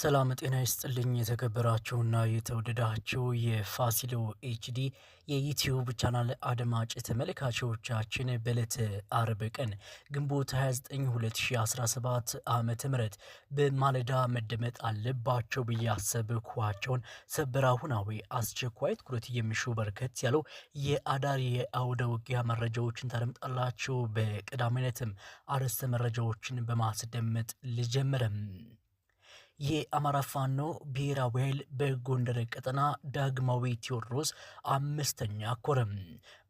ሰላም ጤና ይስጥልኝ። የተከበራችሁና የተወደዳችሁ የፋሲሎ ኤችዲ የዩትዩብ ቻናል አድማጭ ተመልካቾቻችን በዕለተ አርብ ቀን ግንቦት 29 2017 ዓ ም በማለዳ መደመጥ አለባቸው ብያሰብኳቸውን ሰበር አሁናዊ አስቸኳይ ትኩረት የሚሹ በርከት ያለው የአዳር የአውደ ውጊያ መረጃዎችን ታደምጣላችሁ። በቀዳሚነትም አርዕስተ መረጃዎችን በማስደመጥ ልጀምረም የአማራ ፋኖ ብሔራዊ ኃይል በጎንደር ቀጠና ዳግማዊ ቴዎድሮስ አምስተኛ ኮረም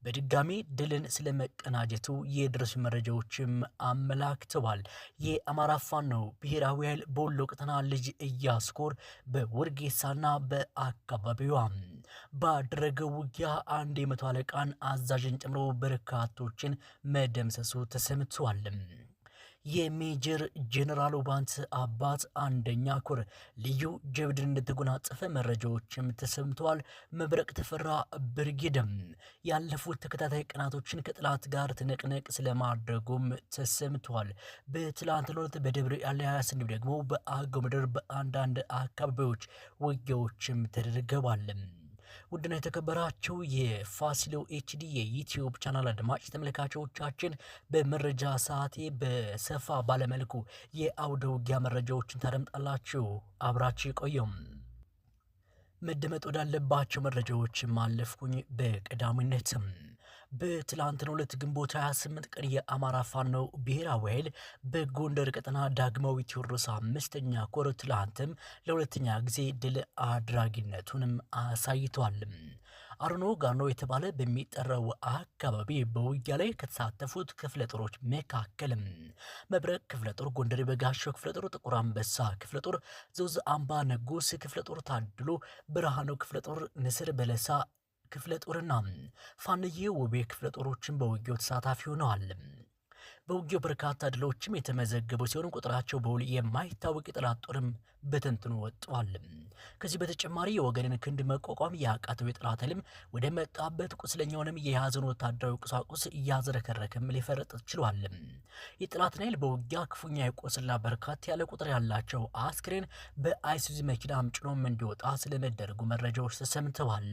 በድጋሚ ድልን ስለመቀናጀቱ የደረሱ መረጃዎችም አመላክተዋል። የአማራ ፋኖ ብሔራዊ ኃይል በወሎ ቀጠና ልጅ እያስኮር በውርጌሳና በአካባቢዋ ባደረገው ውጊያ አንድ የመቶ አለቃን አዛዥን ጨምሮ በርካቶችን መደምሰሱ ተሰምቷል። የሜጀር ጄኔራል ኦባንት አባት አንደኛ ኩር ልዩ ጀብድን እንደተጎናጸፈ መረጃዎችም ተሰምተዋል። መብረቅ ተፈራ ብርጌድም ያለፉት ተከታታይ ቀናቶችን ከጥላት ጋር ትንቅንቅ ስለማድረጉም ተሰምተዋል። በትላንት ዕለት በደብረ ኤልያስ እንዲሁም ደግሞ በአገው ምድር በአንዳንድ አካባቢዎች ውጊያዎችም ተደርገዋል። ውድና የተከበራችሁ የፋሲሎ ኤችዲ የዩትዩብ ቻናል አድማጭ ተመልካቾቻችን በመረጃ ሰዓቴ በሰፋ ባለመልኩ የአውደ ውጊያ መረጃዎችን ታደምጣላችሁ። አብራችሁ ቆየም። መደመጥ ወዳለባቸው መረጃዎች ማለፍኩኝ። በቀዳሚነትም በትላንትናው ዕለት ግንቦት 28 ቀን የአማራ ፋኖ ብሔራዊ ኃይል በጎንደር ቀጠና ዳግማዊ ቴዎድሮስ አምስተኛ ኮር ትላንትም ለሁለተኛ ጊዜ ድል አድራጊነቱንም አሳይቷል። አርኖ ጋኖ የተባለ በሚጠራው አካባቢ በውጊያ ላይ ከተሳተፉት ክፍለ ጦሮች መካከልም መብረቅ ክፍለ ጦር፣ ጎንደር በጋሾ ክፍለ ጦር፣ ጥቁር አንበሳ ክፍለ ጦር፣ ዘውዝ አምባ ንጉስ ክፍለ ጦር፣ ታድሎ ብርሃኑ ክፍለ ጦር፣ ንስር በለሳ ክፍለ ጦርና ፋንዬ ውቤ ክፍለ ጦሮችን በውጊያው ተሳታፊ ሆነዋል። በውጊያው በርካታ ድሎችም የተመዘገቡ ሲሆን ቁጥራቸው በውል የማይታወቅ የጠላት ጦርም በተንትኖ ወጥቷል። ከዚህ በተጨማሪ የወገንን ክንድ መቋቋም ያቃተው የጠላት ኃይልም ወደ መጣበት ቁስለኛውንም የያዘን ወታደራዊ ቁሳቁስ እያዝረከረከም ሊፈረጥ ችሏል። የጠላትን ኃይል በውጊያ ክፉኛ የቆስላ በርካታ ያለ ቁጥር ያላቸው አስክሬን በአይሱዚ መኪና ጭኖም እንዲወጣ ስለመደረጉ መረጃዎች ተሰምተዋል።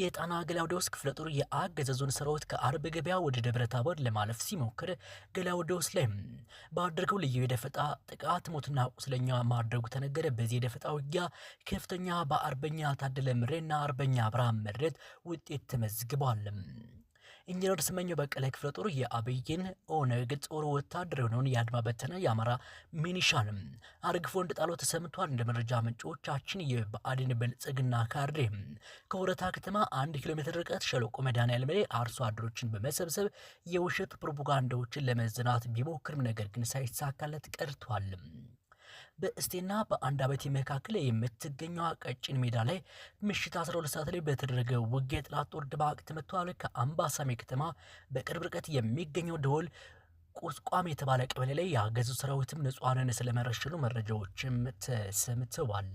የጣና ገላውዴዎስ ክፍለ ጦር የአገዛዙን ሰራዊት ከአርብ ገበያ ወደ ደብረ ታቦር ለማለፍ ሲሞክር ገላውዴዎስ ላይ ባደረገው ልዩ የደፈጣ ጥቃት ሞትና ቁስለኛ ማድረጉ ተነገረ። በዚህ የደፈጣ ውጊያ ከፍተኛ በአርበኛ ታደለ ምሬና አርበኛ አብርሃም መድረት ውጤት ተመዝግቧል። ኢንጂነር ስመኘው በቀለ ክፍለ ጦር የአብይን ኦነግ ጦር ወታደር የሆነውን የአድማ በተና የአማራ ሚኒሻንም አርግፎ እንደጣለው ተሰምቷል። እንደ መረጃ ምንጮቻችን የብአዴን ብልጽግና ካድሬ ከወረታ ከተማ አንድ ኪሎ ሜትር ርቀት ሸለቆ መድኃኔዓለም ላይ አርሶ አደሮችን በመሰብሰብ የውሸት ፕሮፓጋንዳዎችን ለመዝናት ቢሞክርም ነገር ግን ሳይሳካለት ቀርቷል። በእስቴና በአንድ አበቴ መካከል የምትገኘው ቀጭን ሜዳ ላይ ምሽት 12 ሰዓት ላይ በተደረገ ውጊያ የጠላት ጦር ድባቅ ተመትተዋል። ከአምባሳሜ ከተማ በቅርብ ርቀት የሚገኘው ደወል ቁስቋም የተባለ ቀበሌ ላይ የአገዙ ሰራዊትም ንጹሐንን ስለመረሸኑ መረጃዎችም ተሰምተዋል።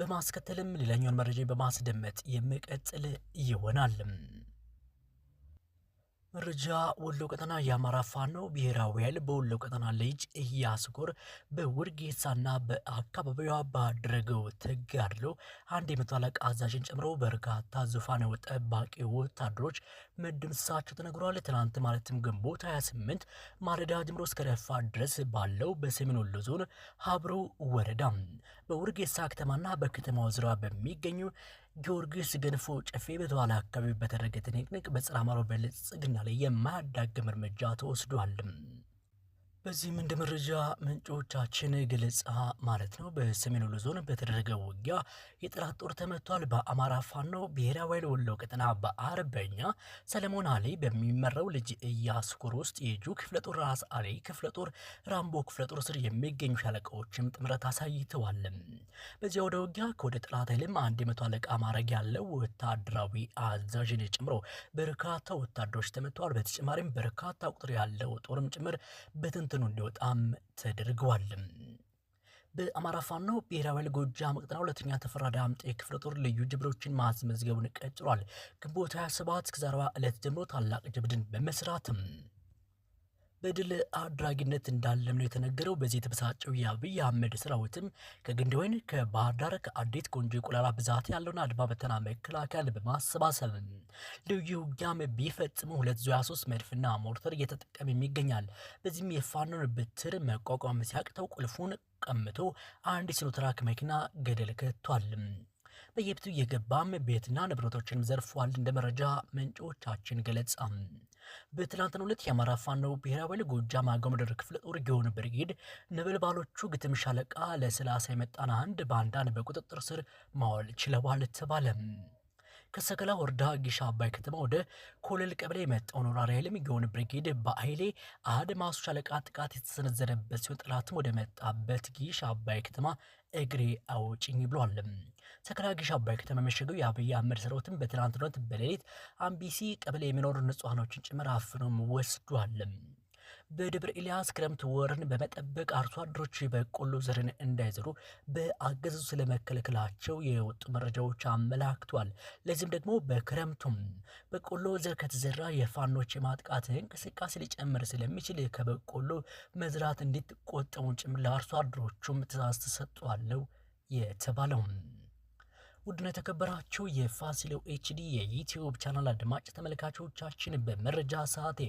በማስከተልም ሌላኛውን መረጃ በማስደመጥ የምቀጥል ይሆናል። መረጃ ወሎ ቀጠና የአማራ ፋኖ ብሔራዊ ኃይል በወሎ ቀጠና ልጅ እያስኮር በውርጌሳና በአካባቢዋ ባደረገው ተጋድሎ አንድ የመቶ አለቃ አዛዥን ጨምሮ በርካታ ዙፋን ጠባቂ ወታደሮች መደምሰሳቸው ተነግሯል። ትናንት ማለትም ግንቦት 28 ማለዳ ጀምሮ እስከ ድረስ ባለው በሰሜን ወሎ ዞን ሀብሩ ወረዳ በውርጌሳ ከተማና በከተማው ዙሪያ በሚገኙ ጊዮርጊስ ገንፎ ጨፌ በተባለ አካባቢ በተደረገ ትንቅንቅ በጸረ አማራው ብልጽግና ላይ የማያዳግም እርምጃ ተወስዷል። በዚህም እንደ መረጃ ምንጮቻችን ገለጻ ማለት ነው በሰሜን ወሎ ዞን በተደረገ ውጊያ የጠላት ጦር ተመቷል። በአማራ ፋኖ ብሔራዊ ኃይል ወሎ ቀጠና በአርበኛ ሰለሞን አሌ በሚመራው ልጅ እያስኮር ውስጥ የጁ ክፍለ ጦር፣ ራስ አሌ ክፍለ ጦር፣ ራምቦ ክፍለ ጦር ስር የሚገኙ ሻለቃዎችም ጥምረት አሳይተዋል። በዚያ ወደ ውጊያ ከወደ ጠላት ኃይልም አንድ የመቶ አለቃ ማዕረግ ያለው ወታደራዊ አዛዥን ጨምሮ በርካታ ወታደሮች ተመተዋል። በተጨማሪም በርካታ ቁጥር ያለው ጦርም ጭምር በትንት ሸፍኖ እንዲወጣም ተደርገዋል። በአማራ ፋኖ ብሔራዊ ኃይል ጎጃም ቀጠና ሁለተኛ ተፈራ ዳምጤ ክፍለ ጦር ልዩ ጀብዶችን ማስመዝገቡን ቀጥሏል። ግንቦት 27 እስከ 40 ዕለት ጀምሮ ታላቅ ጀብድን በመስራትም በድል አድራጊነት እንዳለም ነው የተነገረው። በዚህ የተበሳጨው የአብይ አህመድ ሰራዊትም ከግንደ ወይን፣ ከባህር ዳር፣ ከአዴት ቆንጆ የቆላላ ብዛት ያለውን አድማ በተና መከላከያን በማሰባሰብ ልዩ ውጊያም ቢፈጽሙ ሁለት ዙያ ሶስት መድፍና ሞርተር እየተጠቀመ ይገኛል። በዚህም የፋኖን ብትር መቋቋም ሲያቅተው ቁልፉን ቀምቶ አንድ ሲኖትራክ መኪና ገደል ከቷል። በየቤቱ እየገባም ቤትና ንብረቶችን ዘርፏል። እንደ መረጃ ምንጮቻችን ገለጻ በትላንትናው ዕለት የአማራ ፋኖ ብሔራዊ ኃይል ጎጃም አገው ምድር ክፍለ ጦር ጊዮን ብርጌድ ነበልባሎቹ ግትም ሻለቃ ለስላሳ የመጣን አንድ ባንዳን በቁጥጥር ስር ማዋል ችለዋል ተባለ። ከሰከላ ወረዳ ጊሻ አባይ ከተማ ወደ ኮለል ቀበሌ የመጣው ወራሪ ኃይልም ጊዮን ብርጌድ በኃይሌ አህድ ማሱ ሻለቃ ጥቃት የተሰነዘረበት ሲሆን ጠላትም ወደ መጣበት ጊሻ አባይ ከተማ እግሬ አውጭኝ ብሏል። ተከላጊሽ አባይ ከተማ መሸገው የአብይ አህመድ ሰራዊትን በትናንትናው ዕለት በሌሊት አምቢሲ ቀበሌ የሚኖሩ ንጹሐኖችን ጭምር አፍኖም ወስዷል። በደብረ ኤልያስ ክረምት ወርን በመጠበቅ አርሶ አደሮች በቆሎ ዘርን እንዳይዘሩ በአገዛዙ ስለመከልከላቸው የወጡ መረጃዎች አመላክቷል። ለዚህም ደግሞ በክረምቱም በቆሎ ዘር ከተዘራ የፋኖች የማጥቃት እንቅስቃሴ ሊጨምር ስለሚችል ከበቆሎ መዝራት እንዲቆጠቡ ጭምር ለአርሶ አደሮቹም ትእዛዝ ተሰጥቷል የተባለው ውድና የተከበራችሁ የፋሲሎ ኤችዲ የዩትዩብ ቻናል አድማጭ ተመልካቾቻችን በመረጃ ሰዓቴ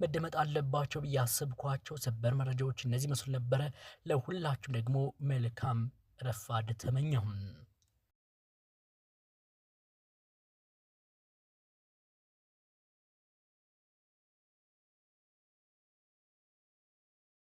መደመጥ አለባቸው ብዬ አስብኳቸው ሰበር መረጃዎች እነዚህ መስሉ ነበረ። ለሁላችሁ ደግሞ መልካም ረፋድ ተመኘሁም።